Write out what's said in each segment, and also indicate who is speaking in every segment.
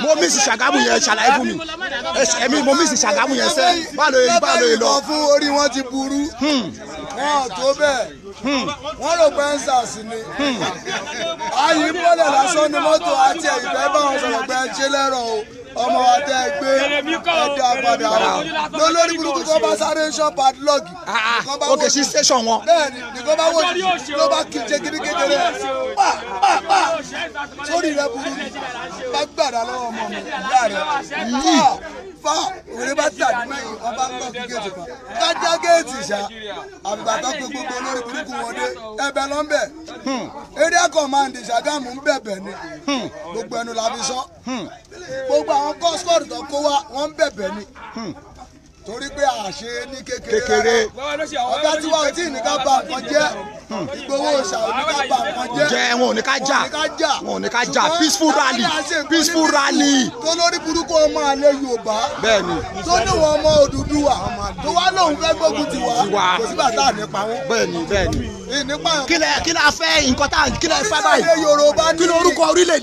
Speaker 1: mo mísì Ṣàgámù yẹn ṣàlàyé fún mi èmi mo
Speaker 2: mísì Ṣàgámù yẹn sẹ báwo lè báwo lè lọ. fún orí wọn ti burú. Hmm wọn tó bẹ́ẹ̀ hmm. wọ́n rò pé ẹ́nsàs ni hmm. ayé bọ́lẹ̀ lásán ni mọ́tò àti ẹ̀yìnbẹ́ bá wọn sọ̀rọ̀ pé ẹ̀jẹ̀ lẹ́rọ̀ o ọmọ wa tẹ ẹ gbé ẹdá padà wá lólórí burúkú tó bá sáré ṣọ́ padlọ́ọ̀gì. òkè sí station wọn. bẹ́ẹ̀ni nìkan bá wò ní ló bá kí jẹ gidi kékeré pa pa pa sórí rẹ burú bá gbàdá lọ́wọ́ ọmọ mi ìyá rẹ yìí fa òwúrẹ́ bá tàbí mẹ́yìn ọba ń bọ̀ kí géètì kan kájá géètì ṣá àbùkà tó pe gbogbo olórí burúkú wọn dé ẹ̀bẹ̀ ń bẹ hmm. area command Ṣàgámù ń bẹ̀bẹ̀ ni hmm. gbogbo ẹnu la fi sọ hmm. gbogbo àwọn kọ́sìkọ́ọ̀tù tó kó wa wọ́n ń bẹ̀bẹ̀ ni torí pé àṣe ní kékeré ọgá tí wọn ò tí ì ní ká bà nǹkan jẹ́ hmm. Ìgbòho ṣà ò ní ká bà nǹkan jẹ́ jẹ́ wọn ò ní ká jà wọn ò ní ká jà peaceful rally peaceful rally. tó lórí burúkú ọmọ alẹ́ Yorùbá bẹ́ẹ̀ni tó níwọ̀n ọmọ Odùduwà tó wá lóun fẹ́ gbógun ti wá kò sí bàtà nípa wọn. bẹ́ẹ̀ni
Speaker 1: bẹ́ẹ̀ni kílẹ̀
Speaker 2: kílẹ̀ afẹ́ nǹkan tá kílẹ̀ fẹ́ báyìí kí lórúkọ orílẹ̀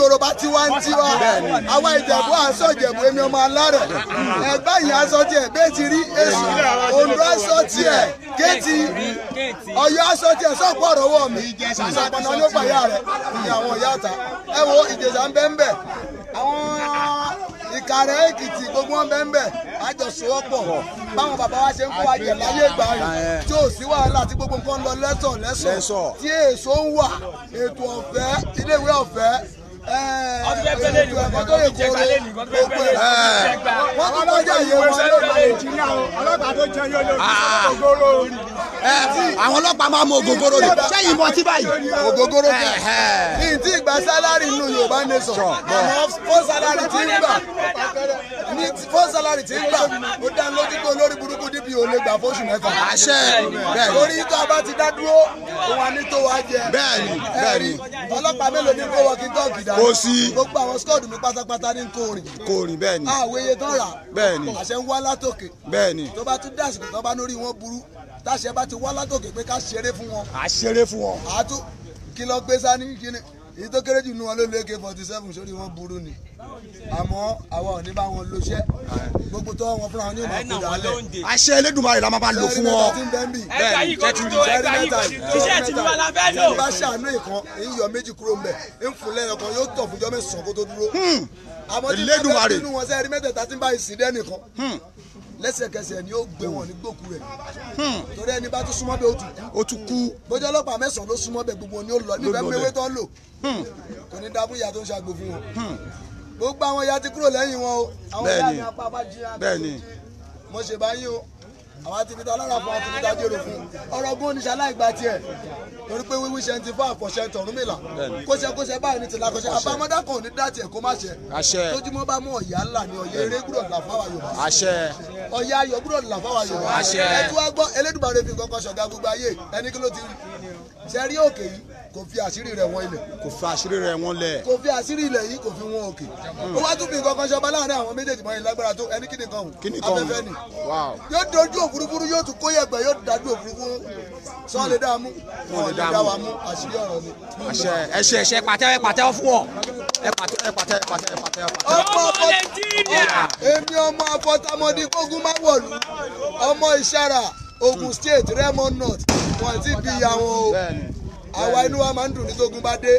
Speaker 2: yorùbá tiwantiwa àwa ìjẹ̀bú aṣọ ìjẹ̀bú èmi ọmọ alárẹ̀ ẹgbẹ́ yìí aṣọ tiẹ̀ bẹ́ẹ̀ rí èsì ondo aṣọ tiẹ̀ kéètì ọ̀yọ́ aṣọ tiẹ̀ sọ̀pọ̀ ọ̀rọ̀ wọ̀ mí ìṣàpọ̀nà ló gbà yà rẹ̀ ìyàwó yàtà ẹ wo ìjẹ̀sà ń bẹ́ẹ̀ bẹ́ẹ̀ àwọn ìkàrẹ́ èkìtì gbogbo wọn bẹ́ẹ̀ bẹ́ẹ̀ àjọṣọwọ́pọ̀ báwọn bàbá wa ṣe ń kó wa láyé ìgbà rẹ̀ tí ò sí wàhálà tí gbogbo nǹkan lọ lẹ́sọ̀ lẹ́sọ̀ tí èso ń wà ètò ọ̀fẹ́ iléèwé ọ̀fẹ́ Eh, wọ́n tún bẹ́ẹ̀ lẹ́nu wọ́n tún bẹ́ẹ̀ jẹgba lẹ́nu
Speaker 1: wọ́n tún bẹ́ẹ̀ jẹgba. wọ́n tún bẹ́ẹ̀ jẹgba lẹ́nu wọ́n tún bẹ́ẹ̀ jẹgba. ọlọ́pàá tó jẹ yóò lò ó àwọn ọlọ́pàá máa mọ ògógóró rẹ̀ sẹ́yìn mọ tí báyìí.
Speaker 2: ògógóró kẹ ní tí ìgbà sálárì nínú Yorùbá nation àmọ́ fún sálárì tí ń gbà ní fún sálárì tí ń gbà ó dá lójú pé olórí burúkú dp ò lè gbà fóṣù mẹ́fà. àṣẹ bẹ́ẹ̀ lórí tó a bá ti dá dúró òun á ní tó wá jẹ. bẹ́ẹ̀ni bẹ́ẹ̀ni ọlọ́pàá mélòó ní kó wọkí tọ́ọ̀kì dá. kò sí. gbogbo àwọn skọ́ọ̀dù mi pátápátá ní kòrìn. kòrìn bẹ́ẹ̀ni. àwòye tán rà. bẹ́ẹ̀ni àṣẹ ń wá látòkè. bẹ́ẹ̀ni tó bá tún dá àsìkò tó bá lórí wọn burú táṣẹ bá ti wá látòkè pé ká ṣeré fún wọn. à ṣeré fún wọn. àtú kí lọ gbé sani kí ni èyí tó kéré jù nínú wọn ló lu ak forty seven sórí wọn burú ni àmọ́ àwa ò ní bá wọn lo iṣẹ́ gbogbo tó wọn fúnra wọn ní ìmọ̀ kúndà alẹ́. àṣẹ Elédùmarè la máa bá lò fún wọn. ẹgbẹ́ yìí kò tó ẹgbẹ́ yìí kò tó iṣẹ́ ti wà lábẹ́ lò. ìjọba ṣàánú ìkan èyí yọ méjì kúrò ń bẹ̀ ń fún lẹ́yìn kan yóò tọ̀ fún jọ́mẹ́sàn kó tó dúró. Hmm. àmọ́ tí wọ́n bá nínú wọn sẹ́ẹ̀rí mẹ́tẹ̀ẹ̀ta ti ń bá ìsìn lẹ́sẹ̀kẹsẹ̀ ni ó gbé wọn ní gbòkú rẹ̀ hmm. torí ẹni bá tún súnmọ́ bẹ́ẹ̀ ó tún kú bójú ọlọ́pàá mẹ́sàn-án ló súnmọ́ bẹ́ẹ̀ gbogbo ni ó lọ níbẹ̀ mẹ́wé tó ń lò hmm. kò ní dábú ìyá tó ń ṣàgbò fún wọn hmm. gbogbo àwọn ìyá ti kúrò lẹ́yìn wọn o àwọn ìyá ni apá bá jìyà tó ń jí mo ṣèbáyé o àwọn àti fita alára fún àti fita jèrò fún ọ̀rọ̀ gún oníṣẹ́ aláìgbà tiẹ̀ torí pé wíwí ṣe ń ti fún àfọ̀ṣẹ tọ̀rúnmìlà kóṣẹkóṣẹ báyìí ní tìlá kóṣẹ àbámọ́dá kan ò ní dá tiẹ̀ kó má ṣe tójúmọ́ bá mú ọ̀yà ńlá ni ọ̀yà eré gbúdọ̀ Yorùbá ọ̀yà ayọ̀ gbúdọ̀ Yorùbá ẹ̀dùn kò fi àṣírí rẹ̀ wọn ilẹ̀. kò fi àṣírí rẹ̀ wọn lẹ̀. kò fi àṣírí ilẹ̀ yìí kò fi wọn òkè. ó wá tún fi nǹkan ṣọba láàrin àwọn méjèèjì mọ́ ìlágbára tó ẹni kíni kan hù. afẹ́fẹ́ ni. yóò dojú òfurufú yóò tún kó yẹ̀gbẹ́ yóò dájú òfurufú sọ lè dá mú. wọn lè dá wa mú àṣírí ọ̀rọ̀ ni.
Speaker 1: àṣẹ ẹṣẹ ẹṣẹ pàtẹ́ pàtẹ́ ẹ pàtẹ́ ọmọ
Speaker 2: nàìjíríà. Ah, èmi ọmọ afọtamọdé kógún má wọ̀lú ọmọ ìṣàrà Ogun State Remo North wọn ti bí ya o àwa inú wa máa ń dùn ní tógun bá dé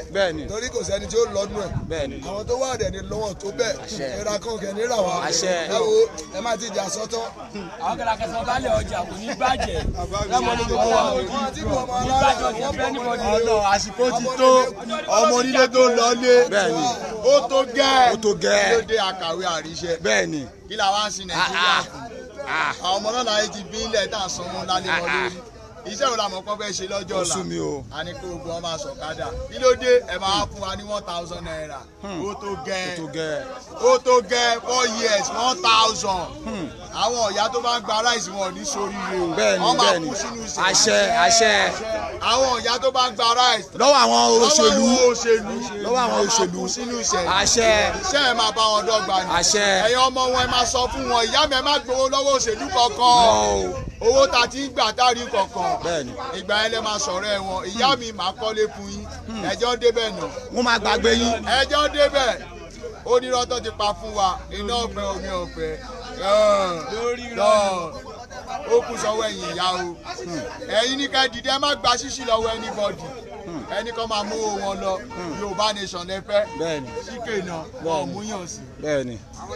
Speaker 2: torí kò sẹ́ni tí ó lọ́dún ẹ̀ àwọn tó wà ọ̀dẹ̀ ni lọ́wọ́ tó bẹ́ẹ̀ ẹ̀rọ akọ̀kẹ́ ní ìràwọ̀ ẹ ẹ má ti jà sọ́tọ̀. àwọn kẹlẹ́kẹ́ sọ balẹ̀ ọjà kò ní bàjẹ́ lọ́mọ ní gbogbo wa ní bàjẹ́ ọjà bẹ́ẹ̀ ni bọ́dí. ọ̀nà àsìkò ti
Speaker 1: tó ọmọ onílé tó lọ lé ó tó gẹ́ ó tó gẹ́ ló dé àkàwé àríṣẹ́ kí làwọn á sin nàìjíríà ah, ah. Ah. àwọn ọmọ náà láyé ti bí ilẹ̀ tá a sanwó lálẹ́ wọn iṣẹ́ òun làmọ̀ pọ́n fẹ́ ṣe lọ́jọ́ ọ̀la àní kó gbọ́ ọ máa sọ̀kadà kí ló dé ẹ máa fún wa ní one thousand naira hmm. ó tó gẹ́ ó tó gẹ́ four years one thousand. Hmm àwọn ọ̀yá tó bá ń gba ráìsì wọn ò ní soríire o bẹ́ẹ̀ni bẹ́ẹ̀ni àṣẹ àṣẹ. àwọn ọ̀yá tó bá ń gba ráìsì. lọ́wọ́ àwọn òṣèlú lọ́wọ́ àwọn òṣèlú àṣẹ. iṣẹ́ ẹ̀ máa bá wọn dọ́gba ni. àṣẹ. ẹ̀yin ọmọ wọn ẹ máa sọ fún wọn ìyá mi ẹ má gbowó lọ́wọ́ òṣèlú kankan owó ta ti ń gbà tárí kankan ìgbà yẹn lè máa sọ̀rọ̀ ẹ̀ ìyá mi máa kọ́lé fún yín hmm. ẹjọ́ débẹ̀ náà. wọ́n máa gbàgbé yín. ẹjọ́ débẹ̀ onírọ́ tó ti pa fún wa iná ọ̀fẹ́ omi ọ̀fẹ́ ó kù sọ́wọ́ ẹ̀yìn ìyá o ẹ̀yin ní ká dìde ẹ má gba ṣíṣí lọ́wọ́ anybody ẹni kan máa mú wọn lọ Yorùbá nation lẹ síkè náà wọn mú yàn sí. bẹ́ẹ̀ni.
Speaker 2: àwọn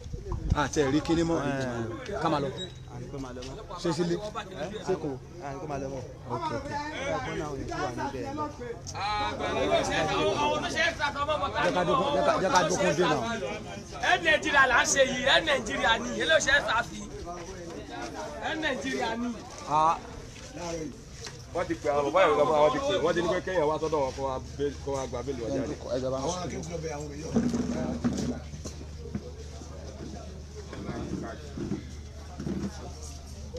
Speaker 2: àti ẹ̀rí kíní mọ́ eh. ká Kamalo, lọ ṣe sílé ṣe kò ok ok.
Speaker 1: jẹ́ ká dúkún dé náà. ẹ nàìjíríà là ń ṣe yìí ẹ nàìjíríà ni ẹ ló ṣe é sàfi ẹ nàìjíríà ni
Speaker 2: wọ́n ti pè àwọn bàbá ìwé bàbá wọn ti pè wọ́n ti ní pé kéèyàn wá sọ́dọ̀ wọn kó wa
Speaker 1: gbà bẹ́ẹ̀lì ọjà ni.